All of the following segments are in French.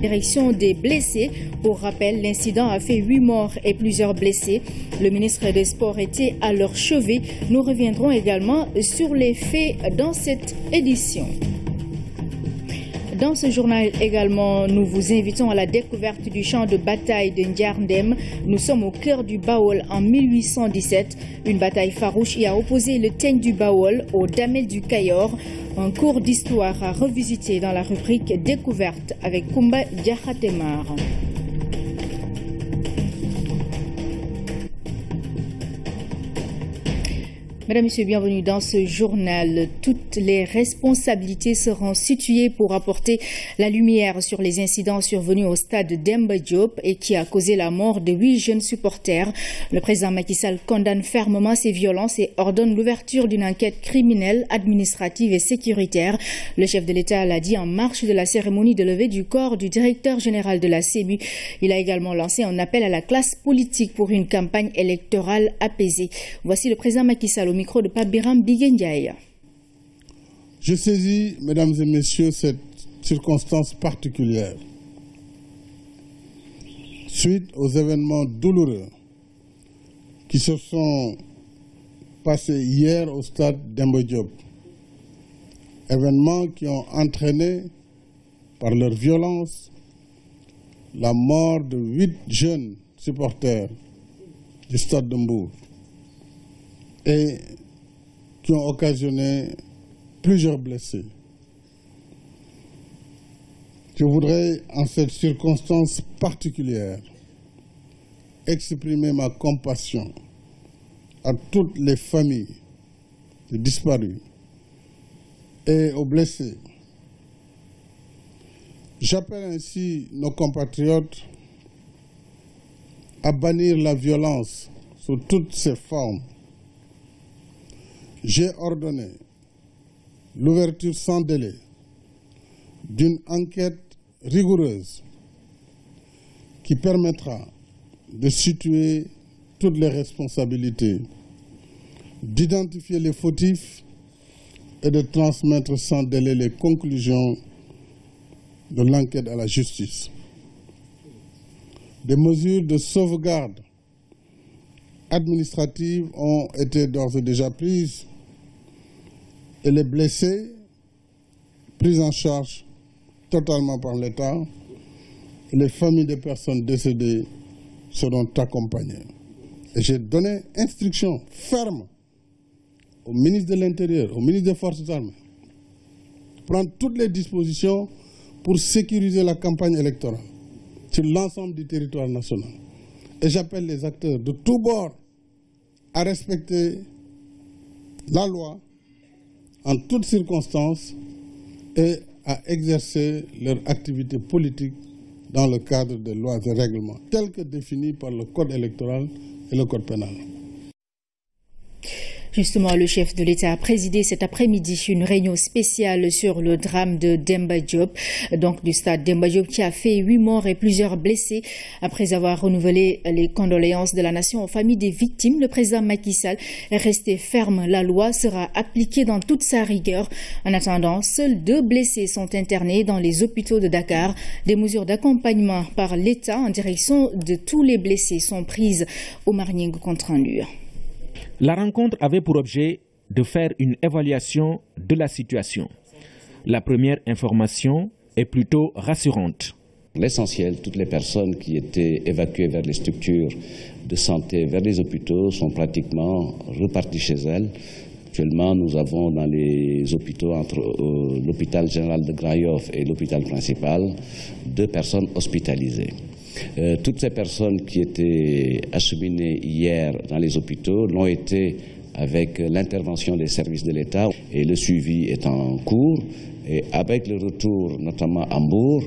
Direction des blessés. Pour rappel, l'incident a fait huit morts et plusieurs blessés. Le ministre des Sports était à leur chevet. Nous reviendrons également sur les faits dans cette édition. Dans ce journal également, nous vous invitons à la découverte du champ de bataille de Ndjarndem. Nous sommes au cœur du Baol en 1817, une bataille farouche y a opposé le Teigne du Baol au Damel du Cayor. Un cours d'histoire à revisiter dans la rubrique Découverte avec Kumba Diakhatemar. Mesdames, Messieurs, bienvenue dans ce journal. Toutes les responsabilités seront situées pour apporter la lumière sur les incidents survenus au stade d'Emba Diop et qui a causé la mort de huit jeunes supporters. Le président Macky Sall condamne fermement ces violences et ordonne l'ouverture d'une enquête criminelle, administrative et sécuritaire. Le chef de l'État l'a dit en marche de la cérémonie de levée du corps du directeur général de la CEMU. Il a également lancé un appel à la classe politique pour une campagne électorale apaisée. Voici le président Macky Sall de Je saisis, mesdames et messieurs, cette circonstance particulière suite aux événements douloureux qui se sont passés hier au stade d'Embojob, Événements qui ont entraîné, par leur violence, la mort de huit jeunes supporters du stade d'Embourg et qui ont occasionné plusieurs blessés. Je voudrais, en cette circonstance particulière, exprimer ma compassion à toutes les familles des disparus et aux blessés. J'appelle ainsi nos compatriotes à bannir la violence sous toutes ses formes j'ai ordonné l'ouverture sans délai d'une enquête rigoureuse qui permettra de situer toutes les responsabilités, d'identifier les fautifs et de transmettre sans délai les conclusions de l'enquête à la justice. Des mesures de sauvegarde administratives ont été d'ores et déjà prises et les blessés pris en charge totalement par l'État, les familles des personnes décédées seront accompagnées. j'ai donné instruction ferme au ministre de l'Intérieur, au ministre des Forces armées, prendre toutes les dispositions pour sécuriser la campagne électorale sur l'ensemble du territoire national. Et j'appelle les acteurs de tous bords à respecter la loi, en toutes circonstances et à exercer leur activité politique dans le cadre des lois et règlements tels que définis par le Code électoral et le Code pénal. Justement, le chef de l'État a présidé cet après-midi une réunion spéciale sur le drame de Demba Diop, donc du stade Demba Diop qui a fait huit morts et plusieurs blessés. Après avoir renouvelé les condoléances de la nation aux familles des victimes, le président Macky Sall est resté ferme. La loi sera appliquée dans toute sa rigueur. En attendant, seuls deux blessés sont internés dans les hôpitaux de Dakar. Des mesures d'accompagnement par l'État en direction de tous les blessés sont prises au Marning un mur. La rencontre avait pour objet de faire une évaluation de la situation. La première information est plutôt rassurante. L'essentiel, toutes les personnes qui étaient évacuées vers les structures de santé, vers les hôpitaux, sont pratiquement reparties chez elles. Actuellement, nous avons dans les hôpitaux, entre euh, l'hôpital général de Grayov et l'hôpital principal, deux personnes hospitalisées. Euh, toutes ces personnes qui étaient acheminées hier dans les hôpitaux l'ont été avec l'intervention des services de l'État et le suivi est en cours. Et avec le retour notamment à Hambourg,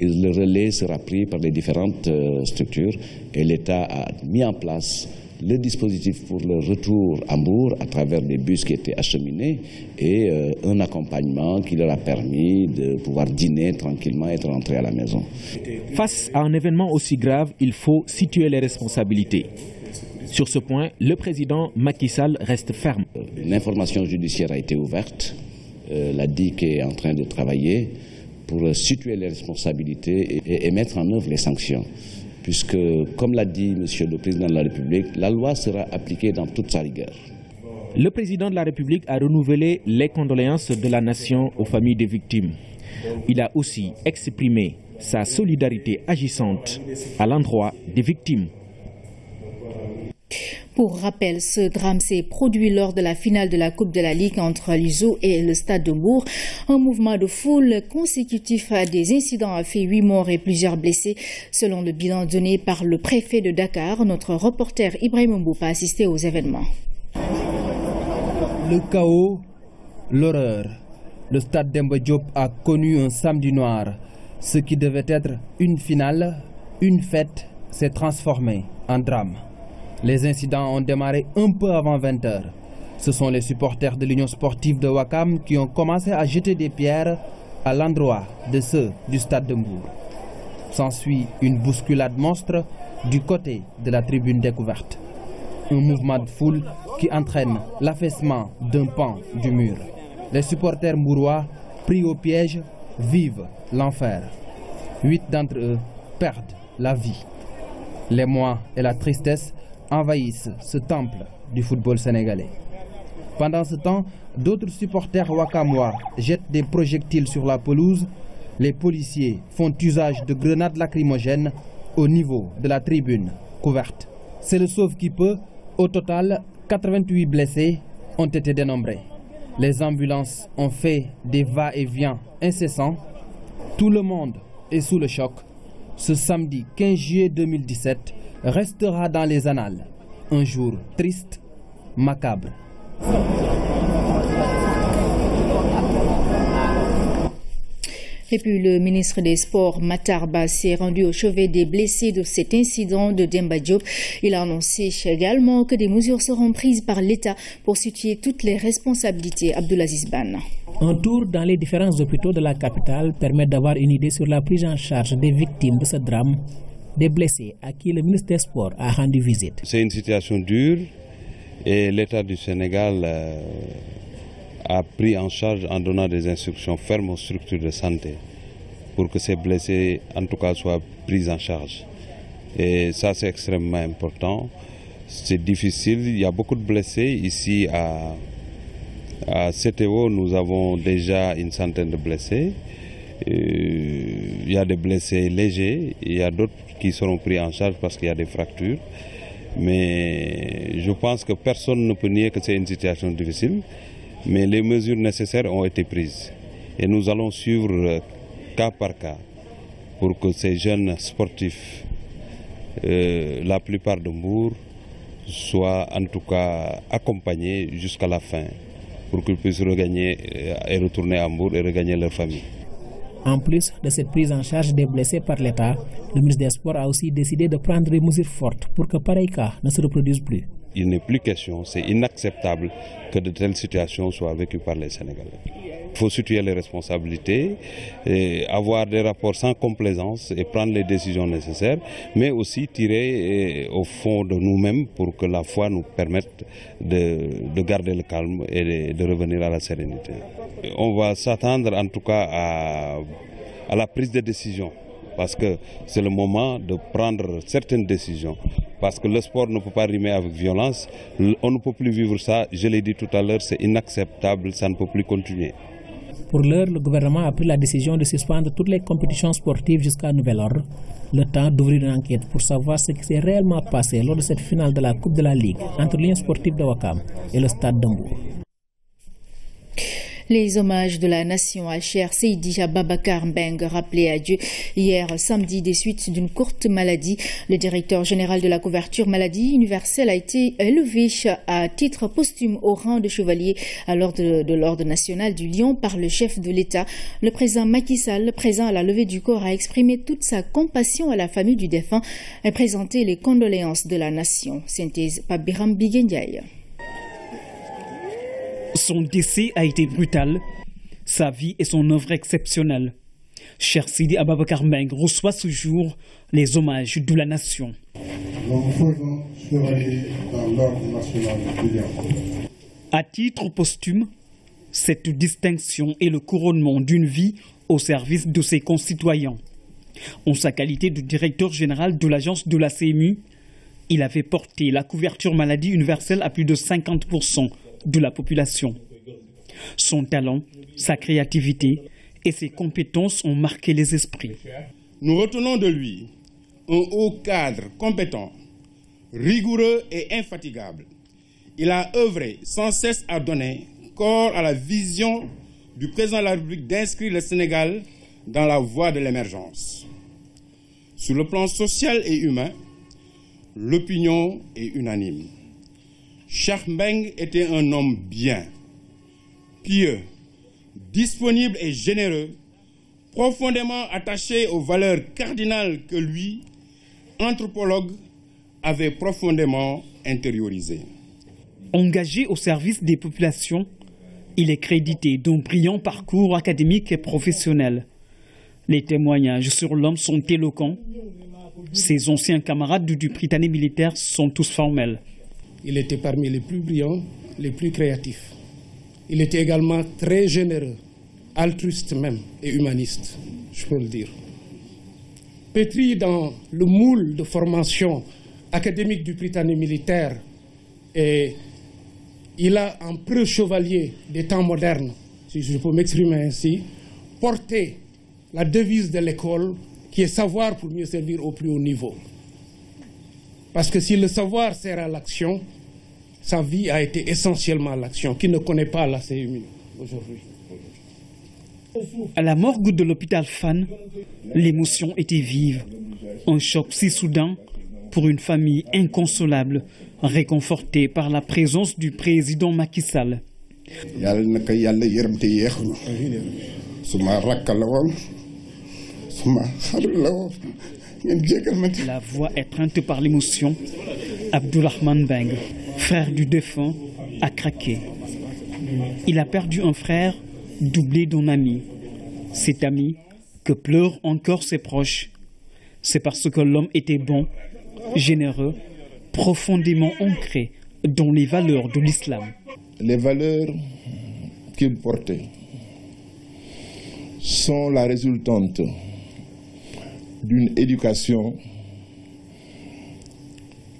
le relais sera pris par les différentes euh, structures et l'État a mis en place le dispositif pour le retour à Bourg à travers des bus qui étaient acheminés et euh, un accompagnement qui leur a permis de pouvoir dîner tranquillement et de rentrer à la maison. Face à un événement aussi grave, il faut situer les responsabilités. Sur ce point, le président Macky Sall reste ferme. L'information judiciaire a été ouverte. Euh, la DIC est en train de travailler pour situer les responsabilités et mettre en œuvre les sanctions puisque, comme l'a dit Monsieur le Président de la République, la loi sera appliquée dans toute sa rigueur. Le Président de la République a renouvelé les condoléances de la nation aux familles des victimes. Il a aussi exprimé sa solidarité agissante à l'endroit des victimes. Pour rappel, ce drame s'est produit lors de la finale de la Coupe de la Ligue entre l'ISO et le Stade de Bourg. Un mouvement de foule consécutif à des incidents a fait huit morts et plusieurs blessés, selon le bilan donné par le préfet de Dakar. Notre reporter Ibrahim Mboupa a assisté aux événements. Le chaos, l'horreur. Le stade d'Emba a connu un samedi noir. Ce qui devait être une finale, une fête, s'est transformé en drame. Les incidents ont démarré un peu avant 20 h Ce sont les supporters de l'Union sportive de Wakam qui ont commencé à jeter des pierres à l'endroit de ceux du stade de Mbourg. S'ensuit une bousculade monstre du côté de la tribune découverte. Un mouvement de foule qui entraîne l'affaissement d'un pan du mur. Les supporters mourois, pris au piège, vivent l'enfer. Huit d'entre eux perdent la vie. Les mois et la tristesse envahissent ce temple du football sénégalais. Pendant ce temps, d'autres supporters wakamois jettent des projectiles sur la pelouse. Les policiers font usage de grenades lacrymogènes au niveau de la tribune couverte. C'est le sauve qui peut. Au total, 88 blessés ont été dénombrés. Les ambulances ont fait des va-et-vient incessants. Tout le monde est sous le choc. Ce samedi 15 juillet 2017, restera dans les annales. Un jour triste, macabre. Et puis le ministre des Sports, Matarba, s'est rendu au chevet des blessés de cet incident de Demba Il a annoncé également que des mesures seront prises par l'État pour situer toutes les responsabilités. Abdulaziz Ban. Un tour dans les différents hôpitaux de la capitale permet d'avoir une idée sur la prise en charge des victimes de ce drame des blessés à qui le ministre des Sports a rendu visite. C'est une situation dure et l'État du Sénégal euh, a pris en charge en donnant des instructions fermes aux structures de santé pour que ces blessés, en tout cas, soient pris en charge. Et ça, c'est extrêmement important. C'est difficile. Il y a beaucoup de blessés ici à, à CTO. Nous avons déjà une centaine de blessés. Euh, il y a des blessés légers, il y a d'autres qui seront pris en charge parce qu'il y a des fractures. Mais je pense que personne ne peut nier que c'est une situation difficile. Mais les mesures nécessaires ont été prises. Et nous allons suivre euh, cas par cas pour que ces jeunes sportifs, euh, la plupart de Mbour, soient en tout cas accompagnés jusqu'à la fin pour qu'ils puissent regagner et retourner à Mbour et regagner leur famille. En plus de cette prise en charge des blessés par l'État, le ministre des Sports a aussi décidé de prendre des mesures fortes pour que pareil cas ne se reproduise plus il n'est plus question, c'est inacceptable que de telles situations soient vécues par les Sénégalais. Il faut situer les responsabilités, avoir des rapports sans complaisance et prendre les décisions nécessaires, mais aussi tirer eh, au fond de nous-mêmes pour que la foi nous permette de, garder le calme et de, revenir à la sérénité. On va s'attendre en tout cas à, à la prise de décision parce que c'est le moment de prendre certaines décisions. Parce que le sport ne peut pas rimer avec violence. On ne peut plus vivre ça. Je l'ai dit tout à l'heure, c'est inacceptable. Ça ne peut plus continuer. Pour l'heure, le gouvernement a pris la décision de suspendre toutes les compétitions sportives jusqu'à nouvel ordre, le temps d'ouvrir une enquête pour savoir ce qui s'est réellement passé lors de cette finale de la Coupe de la Ligue entre l'Union sportive de Wakam et le Stade d'Ambo. Les hommages de la nation à Cher Seydija Babakar Mbeng rappelé à Dieu hier samedi des suites d'une courte maladie. Le directeur général de la couverture maladie universelle a été élevé à titre posthume au rang de chevalier à l'ordre de l'ordre national du Lion par le chef de l'État. Le président Macky Sall, présent à la levée du corps, a exprimé toute sa compassion à la famille du défunt et présenté les condoléances de la nation. Synthèse Pabiram son décès a été brutal, sa vie et son œuvre exceptionnelle. Cher Sidi Ababakar Meng reçoit ce jour les hommages de la nation. A à titre posthume, cette distinction est le couronnement d'une vie au service de ses concitoyens. En sa qualité de directeur général de l'agence de la CMU, il avait porté la couverture maladie universelle à plus de 50 de la population. Son talent, sa créativité et ses compétences ont marqué les esprits. Nous retenons de lui un haut cadre compétent, rigoureux et infatigable. Il a œuvré sans cesse à donner corps à la vision du président de la République d'inscrire le Sénégal dans la voie de l'émergence. Sur le plan social et humain, l'opinion est unanime. Charmeng était un homme bien, pieux, disponible et généreux, profondément attaché aux valeurs cardinales que lui, anthropologue, avait profondément intériorisées. Engagé au service des populations, il est crédité d'un brillant parcours académique et professionnel. Les témoignages sur l'homme sont éloquents. Ses anciens camarades du Britannique militaire sont tous formels. Il était parmi les plus brillants, les plus créatifs. Il était également très généreux, altruiste même et humaniste, je peux le dire. Pétri dans le moule de formation académique du Britannique militaire, et il a un preux chevalier des temps modernes, si je peux m'exprimer ainsi, porté la devise de l'école qui est savoir pour mieux servir au plus haut niveau. Parce que si le savoir sert à l'action, sa vie a été essentiellement l'action, qui ne connaît pas la CMU aujourd'hui. À la morgue de l'hôpital Fan, l'émotion était vive. Un choc si soudain pour une famille inconsolable, réconfortée par la présence du président Macky Sall. La voix étreinte par l'émotion, Abdulrahman Beng frère du défunt, a craqué. Il a perdu un frère doublé d'un ami. Cet ami que pleurent encore ses proches. C'est parce que l'homme était bon, généreux, profondément ancré dans les valeurs de l'islam. Les valeurs qu'il portait sont la résultante d'une éducation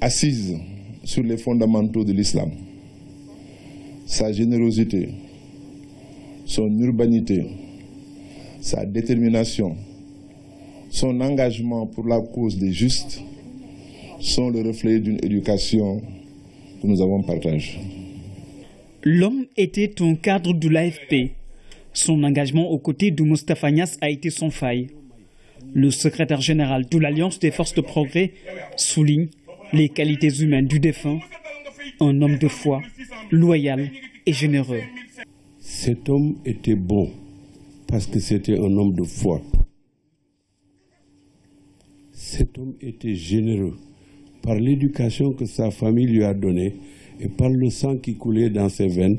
assise sur les fondamentaux de l'islam, sa générosité, son urbanité, sa détermination, son engagement pour la cause des justes sont le reflet d'une éducation que nous avons partagée. L'homme était un cadre de l'AFP. Son engagement aux côtés de a été sans faille. Le secrétaire général de l'Alliance des forces de progrès souligne les qualités humaines du défunt, un homme de foi, loyal et généreux. Cet homme était bon parce que c'était un homme de foi. Cet homme était généreux par l'éducation que sa famille lui a donnée et par le sang qui coulait dans ses veines,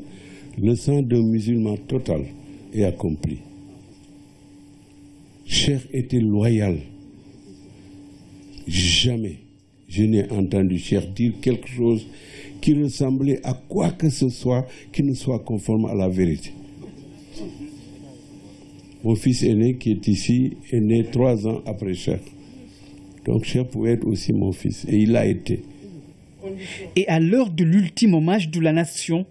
le sang d'un musulman total et accompli. Cher était loyal. Jamais je n'ai entendu cher dire quelque chose qui ressemblait à quoi que ce soit qui ne soit conforme à la vérité. Mon fils aîné qui est ici est né trois ans après Cher. Donc Cher pouvait être aussi mon fils et il l'a été. Et à l'heure de l'ultime hommage de la nation,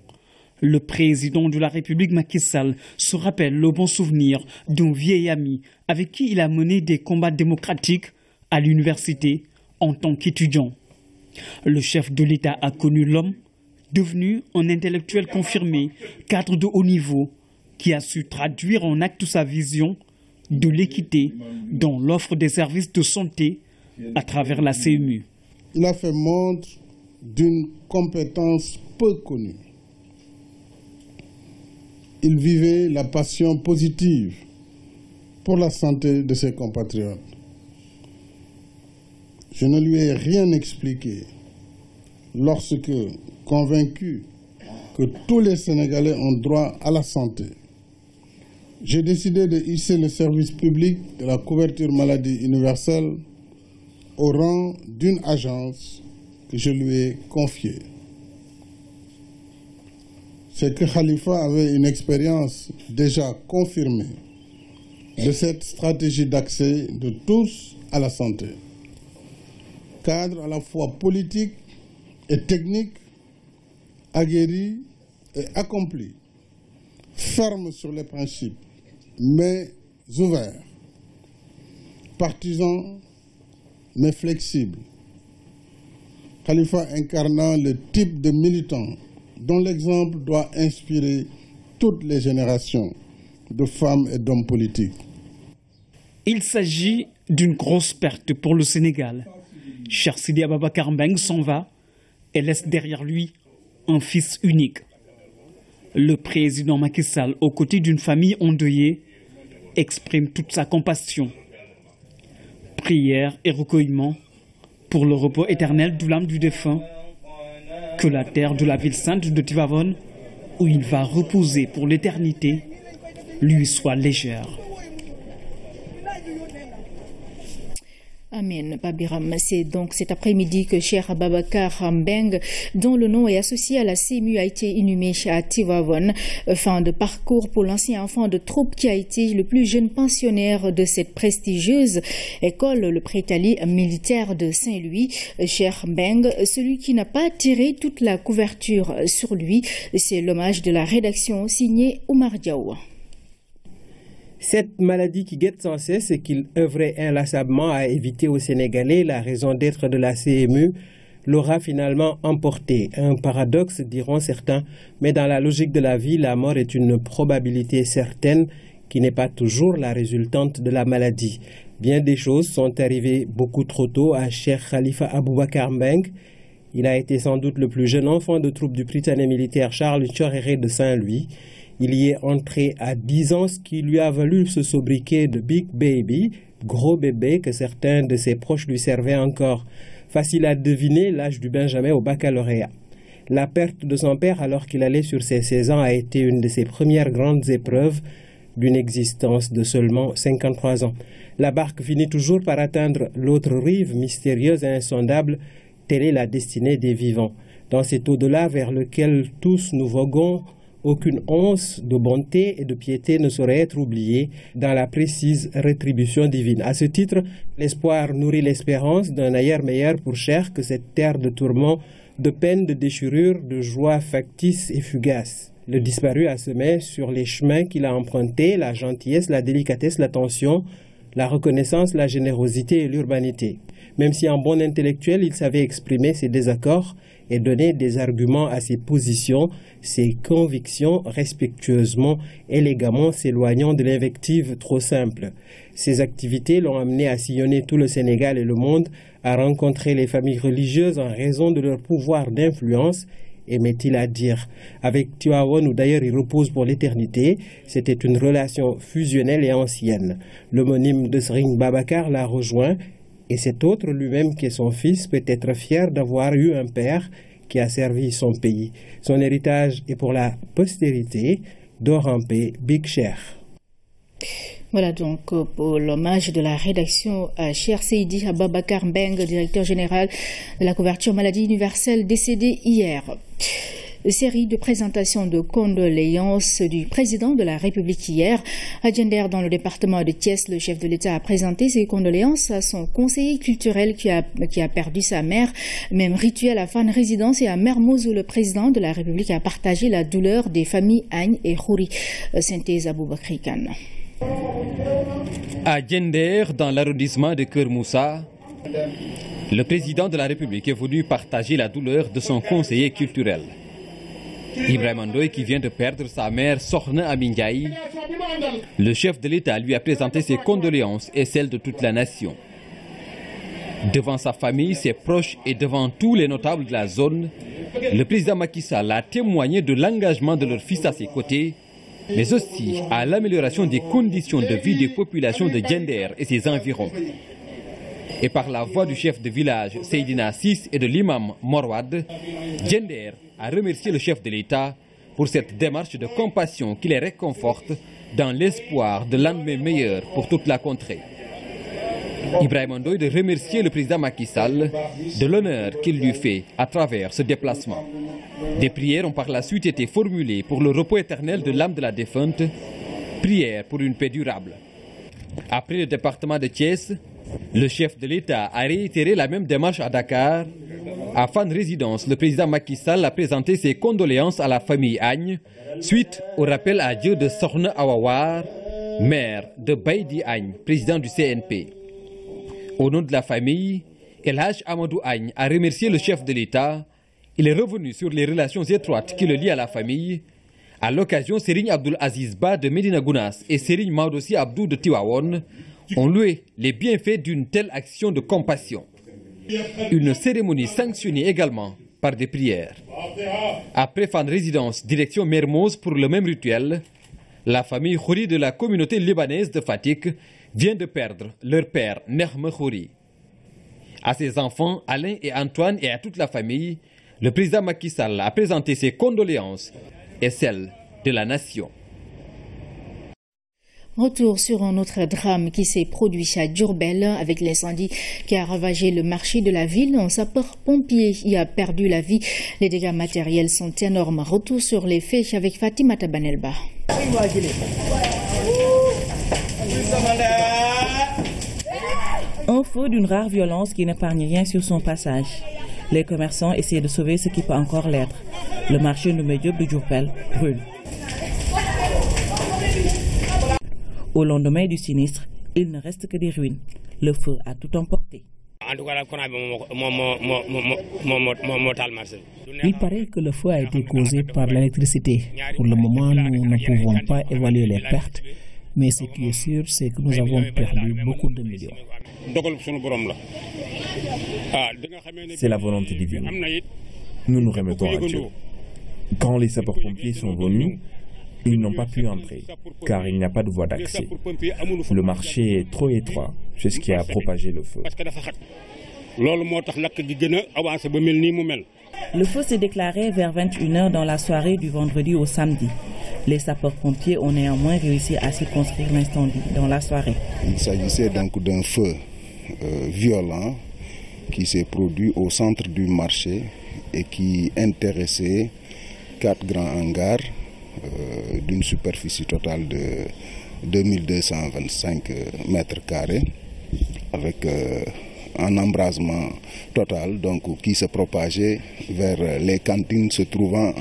le président de la République Macky Sall se rappelle le bon souvenir d'un vieil ami avec qui il a mené des combats démocratiques à l'université en tant qu'étudiant. Le chef de l'État a connu l'homme, devenu un intellectuel confirmé, cadre de haut niveau, qui a su traduire en acte sa vision de l'équité dans l'offre des services de santé à travers la CMU. Il a fait montre d'une compétence peu connue. Il vivait la passion positive pour la santé de ses compatriotes. Je ne lui ai rien expliqué lorsque, convaincu que tous les Sénégalais ont droit à la santé, j'ai décidé de hisser le service public de la couverture maladie universelle au rang d'une agence que je lui ai confiée. C'est que Khalifa avait une expérience déjà confirmée de cette stratégie d'accès de tous à la santé cadre à la fois politique et technique, aguerri et accompli, ferme sur les principes, mais ouvert, partisan mais flexible. Khalifa incarnant le type de militant dont l'exemple doit inspirer toutes les générations de femmes et d'hommes politiques. Il s'agit d'une grosse perte pour le Sénégal. Cher Sidi Ababakar Mbeng s'en va et laisse derrière lui un fils unique. Le président Macky Sall, aux côtés d'une famille endeuillée, exprime toute sa compassion. Prière et recueillement pour le repos éternel de l'âme du défunt, que la terre de la ville sainte de Tivavon, où il va reposer pour l'éternité, lui soit légère. Babiram. C'est donc cet après-midi que cher Babakar Mbeng, dont le nom est associé à la CMU, a été inhumé à Tivavon. Euh, fin de parcours pour l'ancien enfant de troupe qui a été le plus jeune pensionnaire de cette prestigieuse école, le prétali militaire de Saint-Louis. Euh, cher Mbeng, celui qui n'a pas tiré toute la couverture sur lui, c'est l'hommage de la rédaction signée Omar Diawa. Cette maladie qui guette sans cesse et qu'il œuvrait inlassablement à éviter aux Sénégalais la raison d'être de la CMU l'aura finalement emportée. Un paradoxe, diront certains, mais dans la logique de la vie, la mort est une probabilité certaine qui n'est pas toujours la résultante de la maladie. Bien des choses sont arrivées beaucoup trop tôt à Cheikh Khalifa Aboubakar Mbeng. Il a été sans doute le plus jeune enfant de troupes du Britannique militaire Charles Choréré de Saint-Louis. Il y est entré à 10 ans, ce qui lui a valu ce sobriquet de Big Baby, gros bébé que certains de ses proches lui servaient encore. Facile à deviner l'âge du Benjamin au baccalauréat. La perte de son père alors qu'il allait sur ses 16 ans a été une de ses premières grandes épreuves d'une existence de seulement 53 ans. La barque finit toujours par atteindre l'autre rive mystérieuse et insondable, telle est la destinée des vivants. Dans cet au-delà vers lequel tous nous voguons, aucune once de bonté et de piété ne saurait être oubliée dans la précise rétribution divine. À ce titre, l'espoir nourrit l'espérance d'un ailleurs meilleur pour Cher que cette terre de tourments, de peines, de déchirures, de joies factices et fugaces. Le disparu a semé sur les chemins qu'il a empruntés la gentillesse, la délicatesse, l'attention, la reconnaissance, la générosité et l'urbanité. Même si en bon intellectuel, il savait exprimer ses désaccords et donner des arguments à ses positions, ses convictions, respectueusement, élégamment s'éloignant de l'invective trop simple. Ses activités l'ont amené à sillonner tout le Sénégal et le monde, à rencontrer les familles religieuses en raison de leur pouvoir d'influence aimait-il à dire. Avec Tiwawon, où d'ailleurs il repose pour l'éternité, c'était une relation fusionnelle et ancienne. L'homonyme de Sring Babakar l'a rejoint et cet autre lui-même qui est son fils peut être fier d'avoir eu un père qui a servi son pays. Son héritage est pour la postérité d'Orampé Big Cher. Voilà donc euh, pour l'hommage de la rédaction à euh, Cher Seidi Ababakar Mbeng, directeur général de la couverture maladie universelle, décédé hier série de présentations de condoléances du président de la République hier. Djender dans le département de Thiès, le chef de l'État a présenté ses condoléances à son conseiller culturel qui a, perdu sa mère. Même rituel à fin de résidence et à Mermoz le président de la République a partagé la douleur des familles Agne et Khouri. Euh, Synthèse Aboubakri Khan. À Djender dans l'arrondissement de Kermoussa, le président de la République est voulu partager la douleur de son conseiller culturel. Ibrahim Andoy, qui vient de perdre sa mère Sokhna Amingaï. Le chef de l'État lui a présenté ses condoléances et celles de toute la nation. Devant sa famille, ses proches et devant tous les notables de la zone, le président Macky l'a a témoigné de l'engagement de leur fils à ses côtés, mais aussi à l'amélioration des conditions de vie des populations de Gender et ses environs et par la voix du chef de village Seydina 6 et de l'imam Morwad, Gender a remercié le chef de l'État pour cette démarche de compassion qui les réconforte dans l'espoir de l'année meilleure pour toute la contrée. Ibrahim de remercier le président Macky Sall de l'honneur qu'il lui fait à travers ce déplacement. Des prières ont par la suite été formulées pour le repos éternel de l'âme de la défunte, prière pour une paix durable. Après le département de Thiès, le chef de l'État a réitéré la même démarche à Dakar. À fin de Résidence, le président Macky Sall a présenté ses condoléances à la famille Agne suite au rappel à Dieu de Sorne Awawar, maire de Baidi Agne, président du CNP. Au nom de la famille, Elhaj Amadou Agne a remercié le chef de l'État. Il est revenu sur les relations étroites qui le lient à la famille. À l'occasion, Serigne Abdul Aziz Ba de Medina Gounas et Serigne Maudossi Abdou de Tiwawon ont loué les bienfaits d'une telle action de compassion. Une cérémonie sanctionnée également par des prières. Après de Résidence, direction Mermoz pour le même rituel, la famille Khouri de la communauté libanaise de Fatik vient de perdre leur père, Nehme Khouri. À ses enfants, Alain et Antoine, et à toute la famille, le président Macky Sall a présenté ses condoléances et celles de la nation. Retour sur un autre drame qui s'est produit à Durbel avec l'incendie qui a ravagé le marché de la ville. Un sapeur-pompier y a perdu la vie. Les dégâts matériels sont énormes. Retour sur les faits avec Fatima Tabanelba. Un feu d'une rare violence qui n'épargne rien sur son passage. Les commerçants essayent de sauver ce qui peut encore l'être. Le marché de Médio de brûle. Au lendemain du sinistre, il ne reste que des ruines. Le feu a tout emporté. Il paraît que le feu a été causé par l'électricité. Pour le moment, nous ne pouvons pas évaluer les pertes, mais ce qui est sûr, c'est que nous avons perdu beaucoup de millions. Ah, c'est la volonté divine. Nous nous remettons à Dieu. Quand les sapeurs-pompiers sont venus, ils n'ont pas pu entrer, car il n'y a pas de voie d'accès. Le marché est trop étroit, c'est ce qui a propagé le feu. Le feu s'est déclaré vers 21h dans la soirée du vendredi au samedi. Les sapeurs-pompiers ont néanmoins réussi à circonscrire l'incendie dans la soirée. Il s'agissait donc d'un feu euh, violent qui s'est produit au centre du marché et qui intéressait quatre grands hangars euh, d'une superficie totale de 2225 euh, mètres carrés avec euh, un embrasement total donc, qui se propageait vers les cantines se trouvant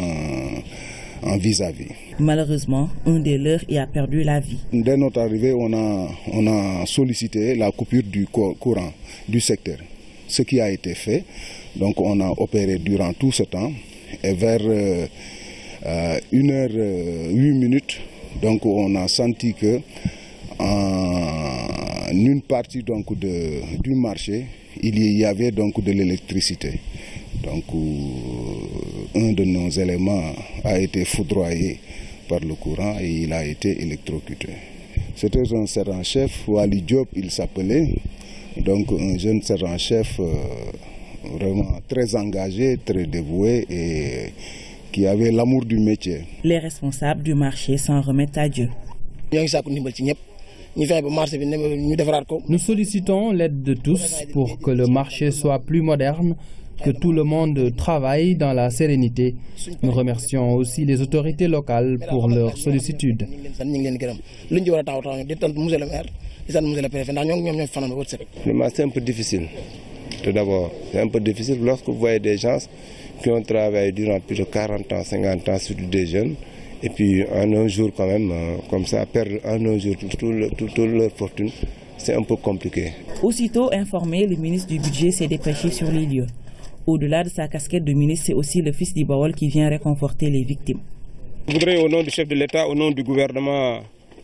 en, vis-à-vis. Malheureusement, un des leurs y a perdu la vie. Dès notre arrivée, on a, sollicité la coupure du courant du secteur, ce qui a été fait. Donc on a opéré durant tout ce temps et vers... Euh, une heure h euh, minutes. Donc on a senti que en une partie donc de, du marché, il y avait donc de l'électricité. Donc euh, un de nos éléments a été foudroyé par le courant et il a été électrocuté. C'était un sergent chef Wali Diop il s'appelait, donc un jeune sergent chef vraiment très engagé, très dévoué et qui avait l'amour du métier. Les responsables du marché s'en remettent à Dieu. Nous sollicitons l'aide de tous pour que le marché soit plus moderne, que tout le monde travaille dans la sérénité. Nous remercions aussi les autorités locales pour leur sollicitude. C'est un peu difficile, tout d'abord. C'est un peu difficile lorsque vous voyez des gens qui ont travaillé durant plus de 40 ans, 50 ans, surtout des jeunes. Et puis en un jour quand même, euh, comme ça, perdre en un jour toute leur fortune, c'est un peu compliqué. Aussitôt informé, le ministre du Budget s'est dépêché sur les lieux. Au-delà de sa casquette de ministre, c'est aussi le fils d'Ibawal qui vient réconforter les victimes. Je voudrais au nom du chef de l'État, au nom du gouvernement,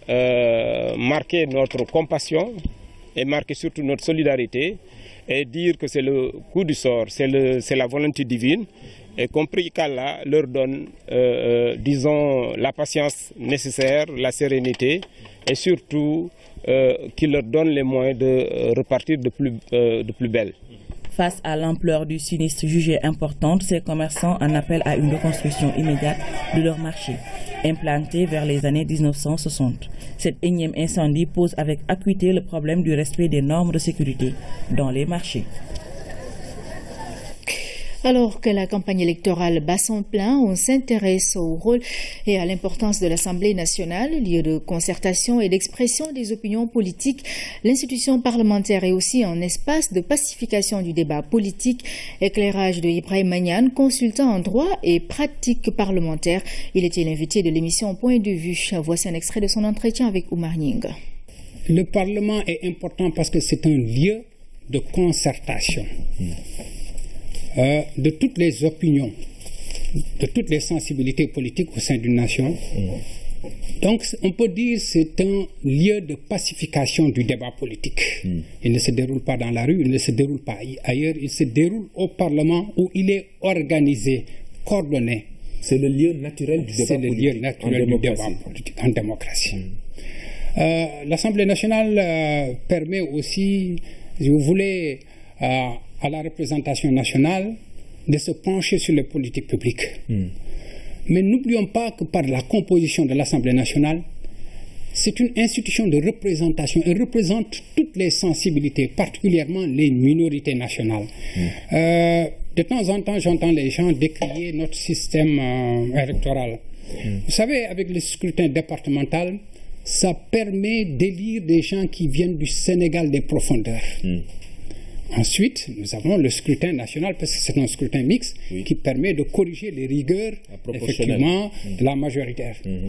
euh, marquer notre compassion et marquer surtout notre solidarité et dire que c'est le coup du sort, c'est la volonté divine, et compris qu'Allah leur donne, euh, euh, disons, la patience nécessaire, la sérénité, et surtout euh, qu'il leur donne les moyens de repartir de plus belle. Face à l'ampleur du sinistre jugé importante, ces commerçants en appellent à une reconstruction immédiate de leur marché, implanté vers les années 1960. Cet énième incendie pose avec acuité le problème du respect des normes de sécurité dans les marchés. Alors que la campagne électorale bat son plein, on s'intéresse au rôle et à l'importance de l'Assemblée nationale, lieu de concertation et d'expression des opinions politiques. L'institution parlementaire est aussi un espace de pacification du débat politique. Éclairage de Ibrahim Magnan, consultant en droit et pratique parlementaire. Il était l'invité de l'émission Point de vue. Voici un extrait de son entretien avec Oumar Ning. Le Parlement est important parce que c'est un lieu de concertation. Mmh. Euh, de toutes les opinions, de toutes les sensibilités politiques au sein d'une nation. Donc, on peut dire que c'est un lieu de pacification du débat politique. Il ne se déroule pas dans la rue, il ne se déroule pas ailleurs, il se déroule au Parlement où il est organisé, coordonné. C'est le lieu naturel du débat politique. Le lieu naturel du débat politique en démocratie. Mm. Euh, L'Assemblée nationale euh, permet aussi, si vous voulez, à la représentation nationale de se pencher sur les politiques publiques. Hmm. Mais n'oublions pas que par la composition de l'Assemblée nationale, c'est une institution de représentation. Elle représente toutes les sensibilités, particulièrement les minorités nationales. Hmm. Euh, de temps en temps, j'entends les gens décrier notre système euh, électoral. Hmm. Vous savez, avec le scrutin départemental, ça permet d'élire des gens qui viennent du Sénégal des profondeurs. Ensuite, nous avons le scrutin national, parce que c'est un scrutin mixte qui permet de corriger les rigueurs, effectivement, mm. de la majorité. Mm.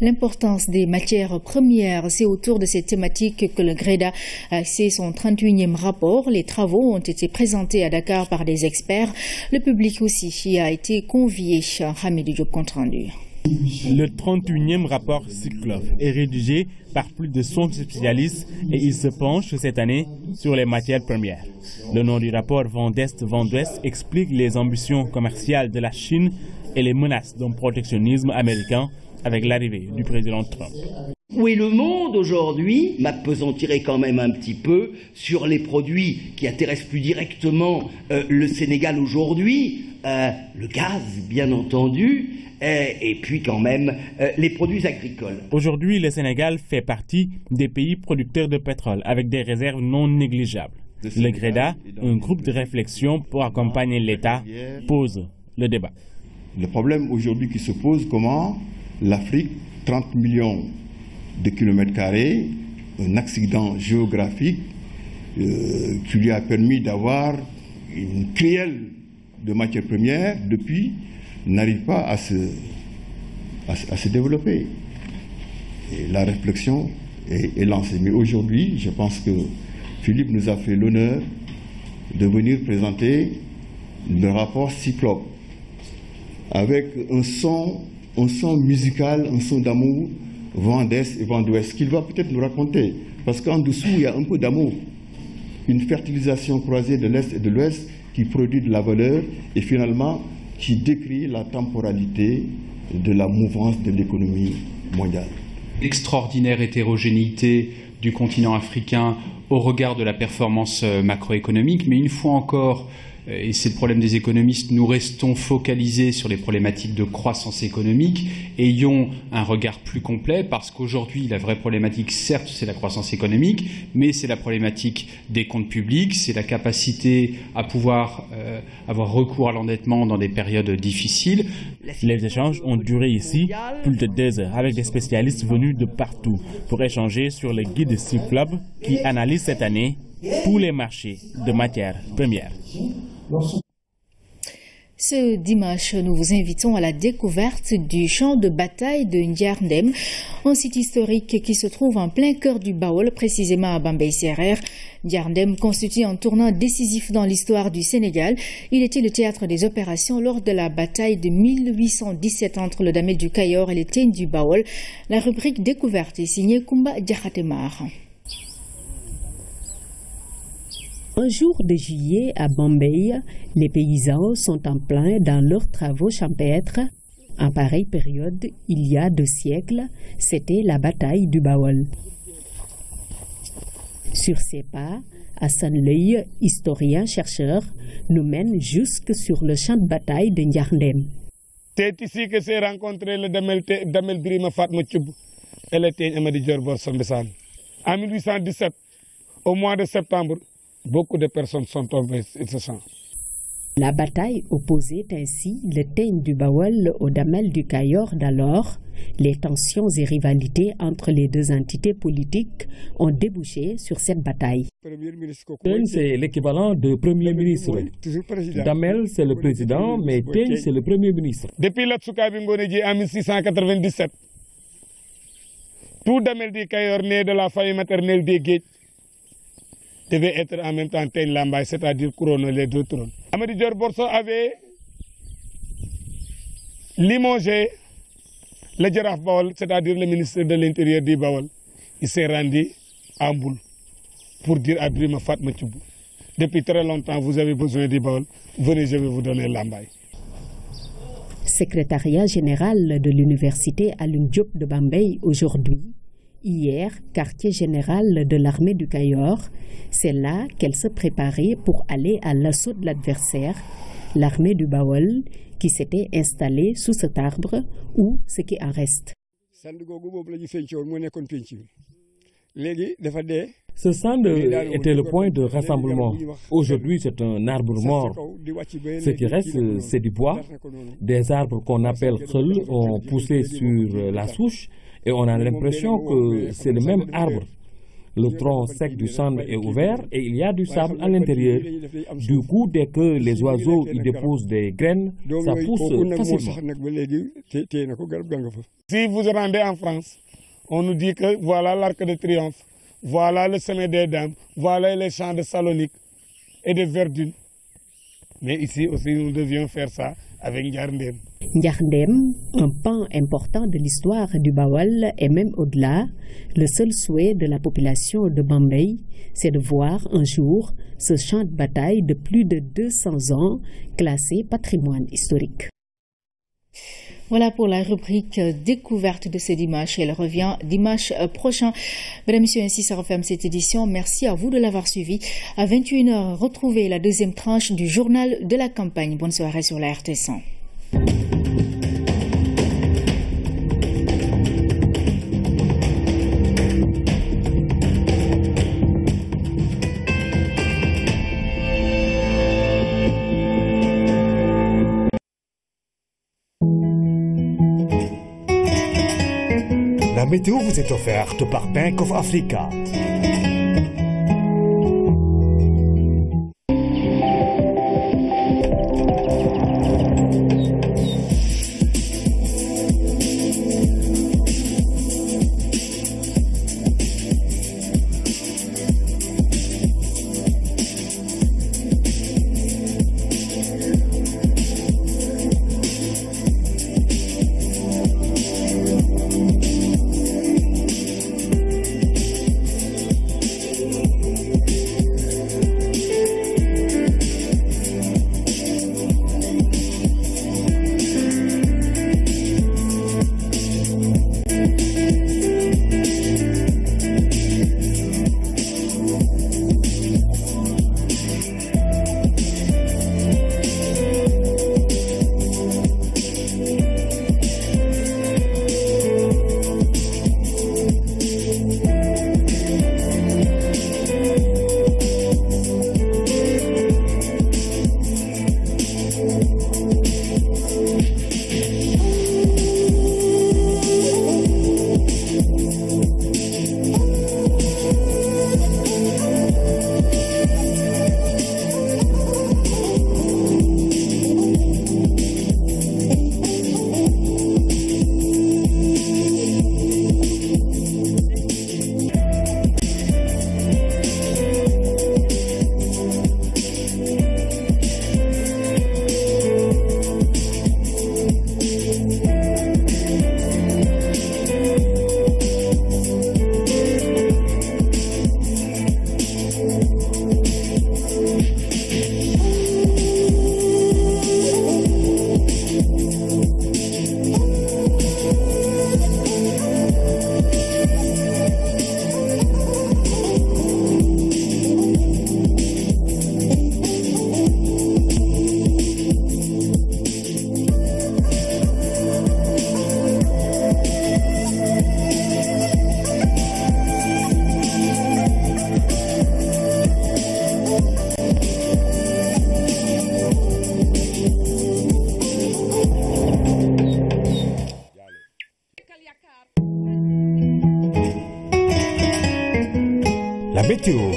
L'importance des matières premières, c'est autour de cette thématique que le GREDA a axé son 31e rapport. Les travaux ont été présentés à Dakar par des experts. Le public aussi y a été convié. Hamid Diop compte rendu. Le 31e rapport Cyclov est rédigé par plus de 100 spécialistes et il se penche cette année sur les matières premières. Le nom du rapport vendest vendouest explique les ambitions commerciales de la Chine et les menaces d'un protectionnisme américain avec l'arrivée du président Trump. Où est le monde aujourd'hui tirer quand même un petit peu sur les produits qui intéressent plus directement euh, le Sénégal aujourd'hui, euh, le gaz bien entendu, euh, et puis quand même les produits agricoles. Aujourd'hui, le Sénégal fait partie des pays producteurs de pétrole avec des réserves non négligeables. Le GREDA, un groupe de réflexion pour accompagner l'État, pose le débat. Le problème aujourd'hui qui se pose, comment l'Afrique, 30 millions de kilomètres carrés, un accident géographique euh, qui lui a permis d'avoir une crielle de matières premières, depuis, n'arrive pas à se, à, se développer. la réflexion est, est lancée. Mais aujourd'hui, je pense que Philippe nous a fait l'honneur de venir présenter le rapport Cyclope avec un son, un son musical, un son d'amour vent d'est et vent qu'il va peut-être nous raconter. Parce qu'en dessous, il y a un peu d'amour. Une fertilisation croisée de l'est et de l'ouest qui produit de la valeur et finalement qui décrit la temporalité de la mouvance de l'économie mondiale. L'extraordinaire hétérogénéité du continent africain au regard de la performance euh, macroéconomique, mais une fois encore, euh, et c'est le problème des économistes, nous restons focalisés sur les problématiques de croissance économique, ayons un regard plus complet, parce qu'aujourd'hui, la vraie problématique, certes, c'est la croissance économique, mais c'est la problématique des comptes publics, c'est la capacité à pouvoir euh, avoir recours à l'endettement dans des périodes difficiles. Les échanges ont duré ici plus de deux heures avec des spécialistes venus de partout pour échanger sur les guides CIFLAB qui analysent cette année tous les marchés de matières premières ce dimanche, nous vous invitons à la découverte du champ de bataille de Ndiardem, un site historique qui se trouve en plein cœur du Baol, précisément à Bambay Serrer. Ndiardem, constitue un tournant décisif dans l'histoire du Sénégal. Il était le théâtre des opérations lors de la bataille de 1817 entre le damel du Cayor et les Tain du Baol. La rubrique découverte est signée Kumba Djahatemar. Un jour de juillet à Bombay, les paysans sont en plein dans leurs travaux champêtres. En pareille période, il y a deux siècles, c'était la bataille du Baol. Sur ses pas, Hassan Leï, historien-chercheur, nous mène jusque sur le champ de bataille de Ndiarndem. C'est ici que s'est rencontré le Damel, Damel Birima Fatma et le Amadi En 1817, au mois de septembre, beaucoup de personnes sont tombées ce sont. La bataille opposait ainsi le thème du Bawel au Damel du Cayor d'alors. Les tensions et rivalités entre les deux entités politiques ont débouché sur cette bataille. Teigne, c'est l'équivalent de Premier ministre. Damel, c'est le président, mais Teigne, c'est le Premier ministre. Depuis la Tsukabi en 1697, tout Damel du Cayor né de la famille maternelle des devait être en même temps Teigne Lambaye, c'est-à-dire couronner les deux trônes. Amadou Dior Borso avait limogé le Djaraf Bawol, c'est-à-dire le ministre de l'Intérieur du Bawol. Il s'est rendu à Mboul pour dire à Brima Fatma Tchoubou depuis très longtemps, vous avez besoin du Bawol. Venez, je vais vous donner l'ambaye. Secrétariat général de l'université Alun Diop de Bambay aujourd'hui hier quartier général de l'armée du Cayor. C'est là qu'elle se préparait pour aller à l'assaut de l'adversaire, l'armée du Baol, qui s'était installée sous cet arbre ou ce qui en reste. Ce sand était le point de rassemblement. Aujourd'hui, c'est un arbre mort. Ce qui reste, c'est du bois. Des arbres qu'on appelle khul ont poussé sur la souche et on a l'impression que c'est le même arbre. Le tronc sec du sable est ouvert et il y a du sable à l'intérieur. Du coup, dès que les oiseaux y déposent des graines, ça pousse facilement. Si vous rendez en France, on nous dit que voilà l'arc de triomphe, voilà le sommet des dames, voilà les champs de Salonique et de Verdun. Mais ici aussi, nous devions faire ça avec un pan important de l'histoire du Bawal et même au-delà, le seul souhait de la population de Bombay, c'est de voir un jour ce champ de bataille de plus de 200 ans classé patrimoine historique. Voilà pour la rubrique découverte de ce dimanche. Elle revient dimanche prochain. Mesdames, Messieurs, ainsi ça referme cette édition. Merci à vous de l'avoir suivi. À 21h, retrouvez la deuxième tranche du journal de la campagne. Bonne soirée sur la RT100. La météo vous est offerte par Bank of Africa.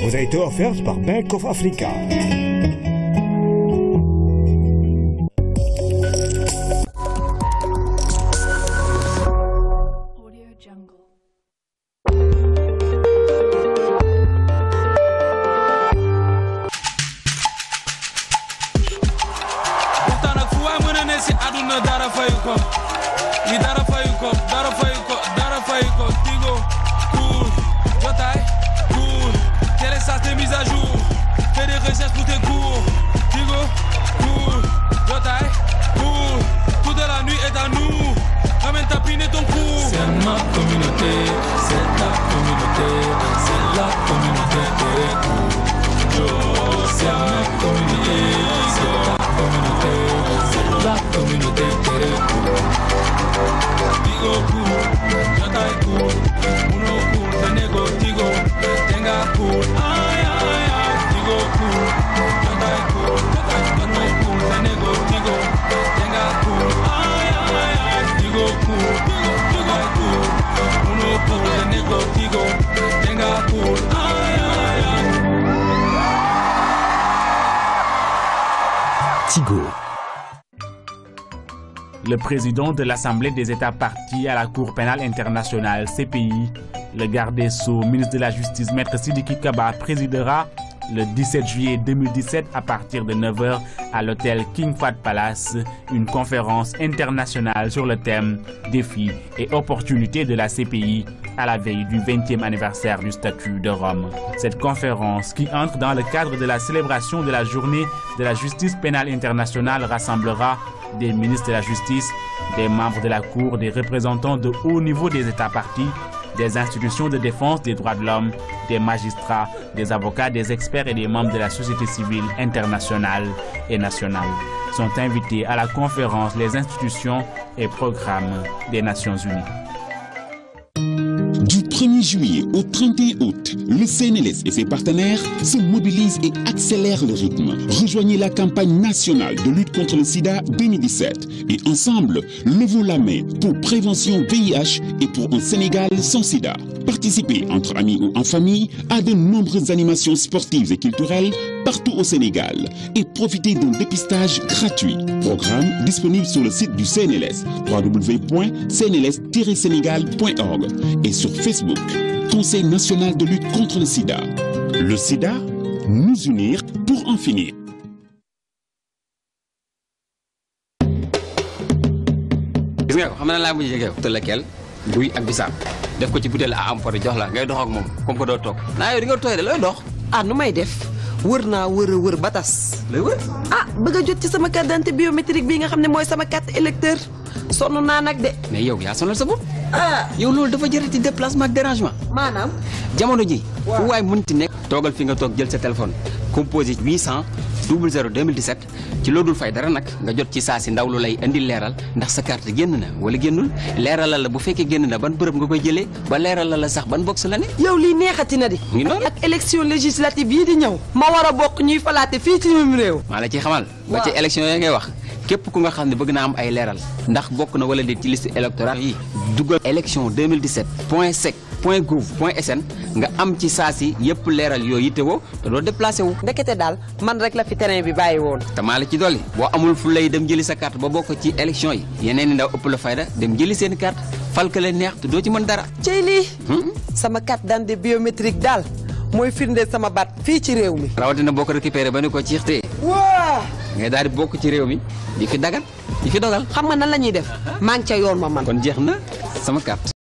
vous avez été offerte par Bank of Africa. des mises à jour. Fais des recettes pour tes cours. Digo, cool, de taille, cool. Toute la nuit est à nous. Ramène ta pine et ton cou. C'est ma communauté, c'est ta communauté, c'est la communauté des C'est ma communauté, c'est ta communauté, c'est la communauté des cool. le président de l'Assemblée des États partis à la Cour pénale internationale CPI, le garde des Sceaux, ministre de la Justice, maître Sidiki Kaba, présidera le 17 juillet 2017 à partir de 9h à l'hôtel King Fat Palace, une conférence internationale sur le thème Défis et opportunités de la CPI à la veille du 20e anniversaire du statut de Rome. Cette conférence, qui entre dans le cadre de la célébration de la journée de la justice pénale internationale, rassemblera des ministres de la justice, des membres de la Cour, des représentants de haut niveau des États partis, des institutions de défense des droits de l'homme, des magistrats, des avocats, des experts et des membres de la société civile internationale et nationale sont invités à la conférence Les institutions et programmes des Nations Unies. 1er juillet au 31 août, le CNLS et ses partenaires se mobilisent et accélèrent le rythme. Rejoignez la campagne nationale de lutte contre le sida 2017 et ensemble, levons la main pour prévention VIH et pour un Sénégal sans sida. Participez entre amis ou en famille à de nombreuses animations sportives et culturelles partout au Sénégal et profitez d'un dépistage gratuit. Programme disponible sur le site du CNLS www.cnls-sénégal.org et sur Facebook Conseil national de lutte contre le sida. Le sida, nous unir pour en finir. wër naa wër a wër ba tas. lay wër ah bëgg a jot ci sama carte d'identité biométrique bii nga xam ne mooy sama carte électeur sonn naa nag de. mais yow yaa sonal sa bopp. ah yow loolu dafa jërëti déplacement ak dérangement. maanaam. jamono ji. waaw fu waay mënti nekk. toogal fi nga toog jël sa téléphone composé 800. 00 2017 ci loodul fay dara nag nga jot ci saa si ndaw lu lay indil leeral ndax sa carte génn na wala génnul leeralal la bu fekkee génn na ban bërëb nga koy jëlee ba leeralal la sax ban box la ne. yow lii neexati na di. ak élection législative yii di ñëw. ma war a bokk ñuy falaate fii ci réew. maa la ciy xamal. ba ci élection ya ngay wax. képp ku nga xam ne bëgg naa am ay leeral ndax bokk na wala déet ci liste électorale yi dugal élection 2017 point sec point gouv point sn nga am ci saa si yëpp leeral yooyu yitte woo te doo déplacé wu ndekete daal man rek la fi terrain bi bàyyi woon te la ci dolli boo amul fu lay dem jëli sa carte ba bokk ci élection yi yeneen ni ndaw ëpp la fayda dem jëli seen carte falka leen neex te doo ci mën dara cey lii hmm? sama carte d'identité biométrique daal mooy firndeel sama baat fii ci réew mi. rawatina boo ko récupéré ba ni ko ciixtee. waa ngay daal di bokk ci réew mi di fi dagat di fi dogal. xam nga nan la ñuy def maa ngi ca yoon ma man. kon jeex na sama carte.